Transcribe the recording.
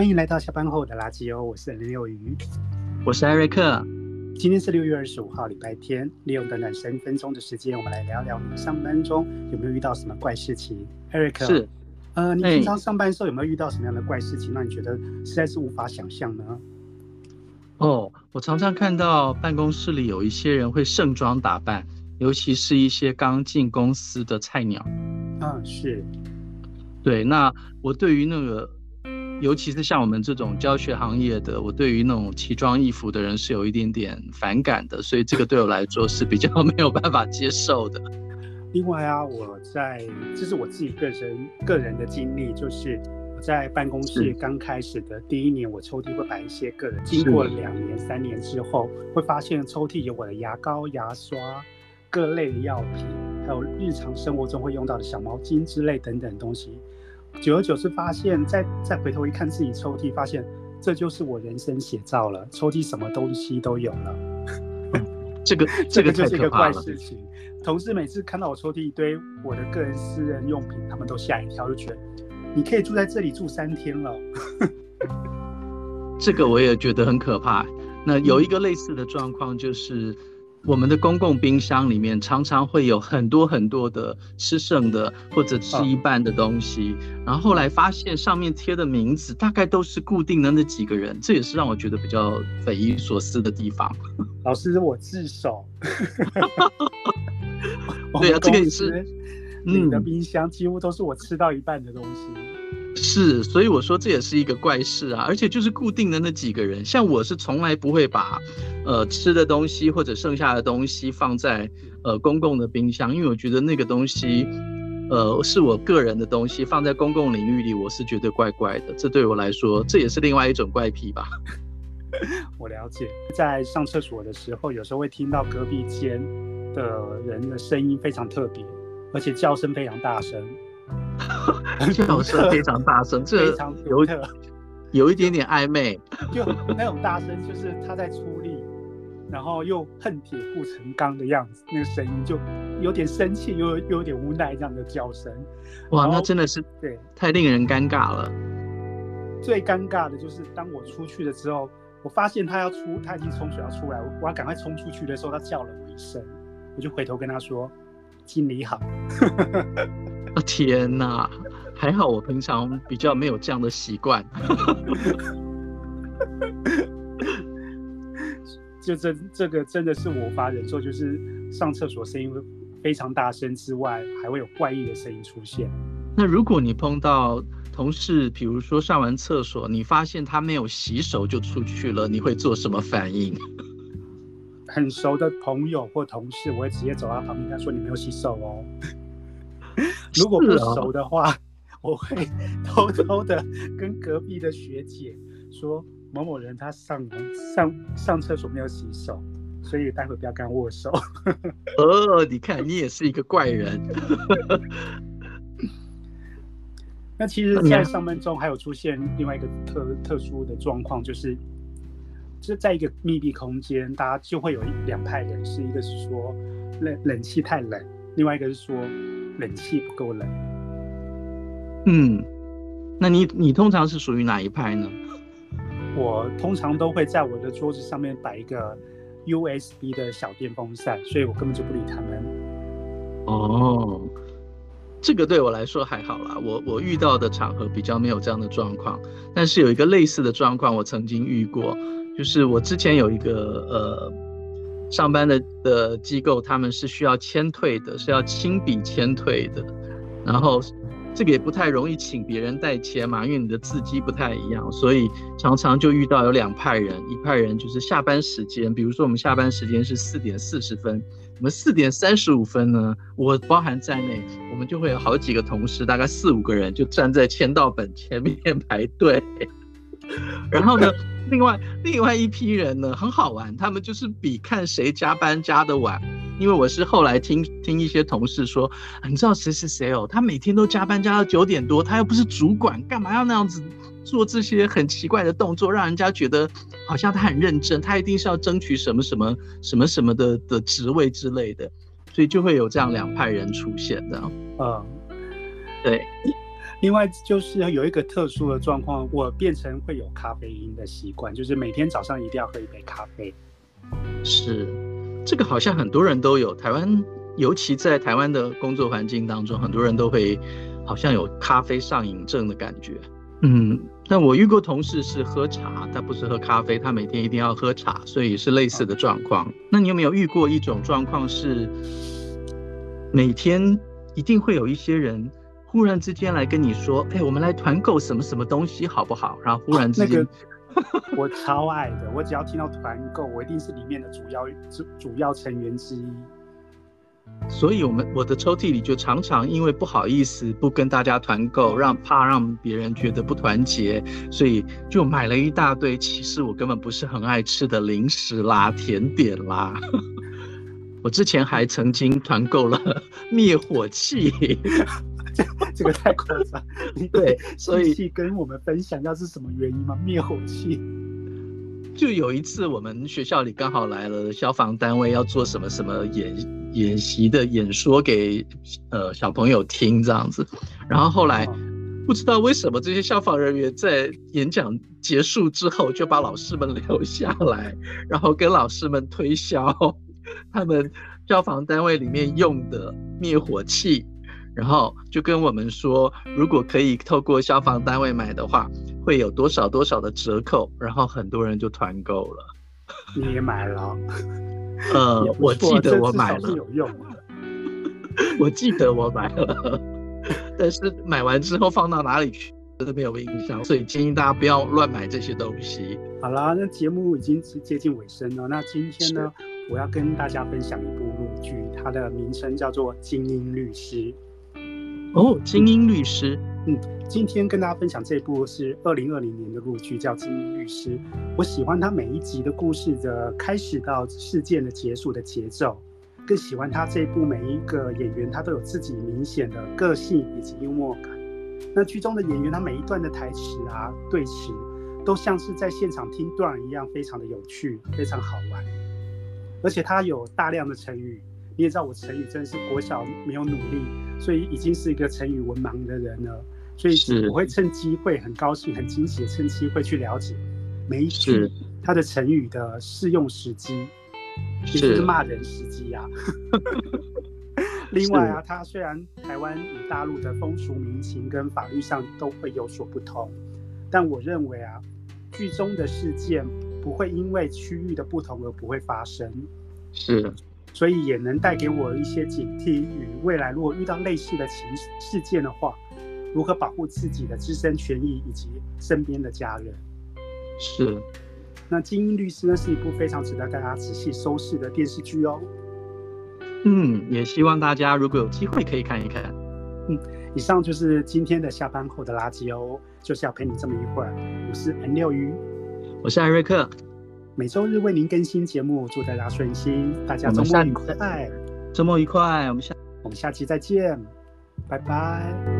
歡迎來到下班後的拉基歐，我是林有瑜，我是艾瑞克。今天是六月二十五號，禮拜天。利用短短三分鐘的時間，我們來聊聊你們上班中有沒有遇到什麼怪事情。艾瑞克是，呃，對你平常上班的時候有沒有遇到什麼樣的怪事情，讓你覺得實在是無法想象呢？哦，oh, 我常常看到辦公室裡有一些人會盛裝打扮，尤其是一些剛進公司的菜鳥。嗯，是對。那我對於那個。尤其是像我們這種教學行業的，我對於那種奇裝異服的人是有一點點反感的，所以這個對我來說是比較沒有辦法接受的。另外啊，我在這，是我自己個人個人的經歷，就是我在辦公室剛開始的第一年，是我抽屜會擺一些個人，經過兩年、是三年之後，會發現抽屜有我的牙膏、牙刷，各類的藥品，還有日常生活中會用到的小毛巾之類等等東西。久而久之，發現再再回頭一看自己抽屜，發現這就是我人生寫照了。抽屜什麼東西都有了， 這個這個就是一個怪事情。 同事每次看到我抽屜一堆我的個人私人用品，他們都嚇一跳，就覺得你可以住在這裡住三天了。 這個我也覺得很可怕。那有一個類似的狀況就是。我們的公共冰箱裡面常常會有很多很多的吃剩的或者吃一半的東西，哦、然後後來發現上面貼的名字大概都是固定的那幾個人，這也是讓我覺得比較匪夷所思的地方。老師，我自首。對啊，這個也是。我們公司你的冰箱，嗯、幾乎都是我吃到一半的東西。是，所以我說這也是一個怪事啊，而且就是固定的那幾個人。像我是從來不會把，呃，吃的東西或者剩下的東西放在呃公共的冰箱，因為我覺得那個東西，呃，是我個人的東西，放在公共領域裡，我是覺得怪怪的。這對我來說，這也是另外一種怪癖吧。 我了解，在上廁所的時候，有時候會聽到隔壁間的人的聲音非常特別，而且叫聲非常大聲。叫聲 非常大聲，這有特有一點點曖昧，就那種大聲，就是他在出力， 然後又恨鐵不成鋼的樣子，那個聲音就有點生氣，又又有點無奈這樣的叫聲。哇，那真的是對，太令人尷尬了。最尷尬的就是當我出去的時候，我發現他要出，他已經沖水要出來，我我要趕快衝出去的時候，他叫了我一聲，我就回頭跟他說：“經理好。” 哦，天哪！還好我平常比較沒有這樣的習慣，就這這個真的是我無法忍受，就是上廁所聲音會非常大聲之外，還會有怪異的聲音出現。那如果你碰到同事，比如說上完廁所，你發現他沒有洗手就出去了，你會做什麼反應？ 很熟的朋友或同事，我會直接走到他旁邊他說：“你沒有洗手哦。 哦”如果不熟的話。我會偷偷的跟隔壁的學姐說：“某某人他上上上廁所沒有洗手，所以待會不要跟他握手。”哦，你看，你也是一個怪人。 那其實，現在上班中還有出現另外一個特特殊的狀況，就是就在一個密閉空間，大家就會有兩派人，是一個是說冷冷氣太冷，另外一個是說冷氣不夠冷。嗯，那你你通常是屬於哪一派呢？我通常都會在我的桌子上面擺一個 USB 的小電風扇，所以我根本就不理他們。哦，這個對我來說還好啦。我我遇到的場合比較沒有這樣的狀況，但是有一個類似的狀況我曾經遇過，就是我之前有一個呃上班的的機構，他們是需要簽退的，是要親筆簽退的，然後，這個也不太容易請別人代簽嘛，因為你的字跡不太一樣，所以常常就遇到有兩派人，一派人就是下班時間，比如說我們下班時間是四點四十分，我們四點三十五分呢，我包含在內，我們就會有好幾個同事，大概四五個人就站在簽到本前面排隊。 然後呢， 另外另外一批人呢，很好玩，他們就是比看誰加班加得晚。因為我是後來聽聽一些同事說，你知道誰是誰哦，C C、L, 他每天都加班加到九點多，他又不是主管，幹嘛要那樣子做這些很奇怪的動作，讓人家覺得好像他很認真，他一定是要爭取什麼什麼什麼什麼什麼的的職位之類的，所以就會有這樣兩派人出現的。嗯，對。另外就是有一個特殊的狀況，我變成會有咖啡因的習慣，就是每天早上一定要喝一杯咖啡。是。這個好像很多人都有，台灣尤其在台灣的工作環境當中，很多人都會好像有咖啡上癮症的感覺。嗯，但我遇過同事是喝茶，他不是喝咖啡，他每天一定要喝茶，所以是類似的狀況。那你有沒有遇過一種狀況是，每天一定會有一些人忽然之間來跟你說，哎，我們來團購什麼什麼東西好不好？然後忽然之間、哦。那個 我超愛的，我只要聽到團購，我一定是裡面的主要主，主要成員之一。所以，我們我的抽屜裡就常常因為不好意思不跟大家團購，讓怕讓別人覺得不團結，所以就買了一大堆，其實我根本不是很愛吃的零食啦、甜點啦。 我之前還曾經團購了滅 滅火器。 這個太誇張，對，對，所以跟我們分享一下是什麼原因嗎？滅火器。就有一次我們學校裡剛好來了消防單位，要做什麼什麼演演習的演說給呃小朋友聽這樣子，然後後來不知道為什麼這些消防人員在演講結束之後就把老師們留下來，然後跟老師們推銷他們消防單位裡面用的滅火器。然後就跟我們說，如果可以透過消防單位買的話，會有多少多少的折扣。然後很多人就團購了。你也買了？呃，我記得我買了。有用的。我記得我買了，但是買完之後放到哪裡去，真的沒有印象。所以建議大家不要亂買這些東西。好啦，那節目已經接近尾聲了。那今天呢，是我要跟大家分享一部劇，它的名稱叫做《精英律師》。哦，oh, 精英律師。嗯，今天跟大家分享這部是二零二零年的陸劇，叫《精英律師》。我喜歡他每一集的故事的開始到事件的結束的節奏，更喜歡他這部每一個演員他都有自己明顯的個性以及幽默感。那劇中的演員他每一段的台詞啊對詞，都像是在現場聽段一樣，非常的有趣，非常好玩。而且他有大量的成語，你也知道我成語真的是國小沒有努力，所以已經是一個成語文盲的人了，所以我會趁機會很高興、很驚喜，趁機會去了解，每一句它的成語的適用時機，其實是罵人時機啊？是 另外啊，它雖然台灣與大陸的風俗民情跟法律上都會有所不同，但我認為啊，劇中的事件不會因為區域的不同而不會發生。是。所以也能帶給我一些警惕與未來，如果遇到類似的情事件的話，如何保護自己的自身權益以及身邊的家人？是。那《精英律師》呢，是一部非常值得大家仔細收視的電視劇哦。嗯，也希望大家如果有機會可以看一看。嗯，以上就是今天的下班後的拉基歐哦，就是要陪你這麼一會兒。我是陳六魚，我是艾瑞克。每週日為您更新節目，祝大家順心，大家周末愉快，周末愉快，我們下我們下期再見，拜拜。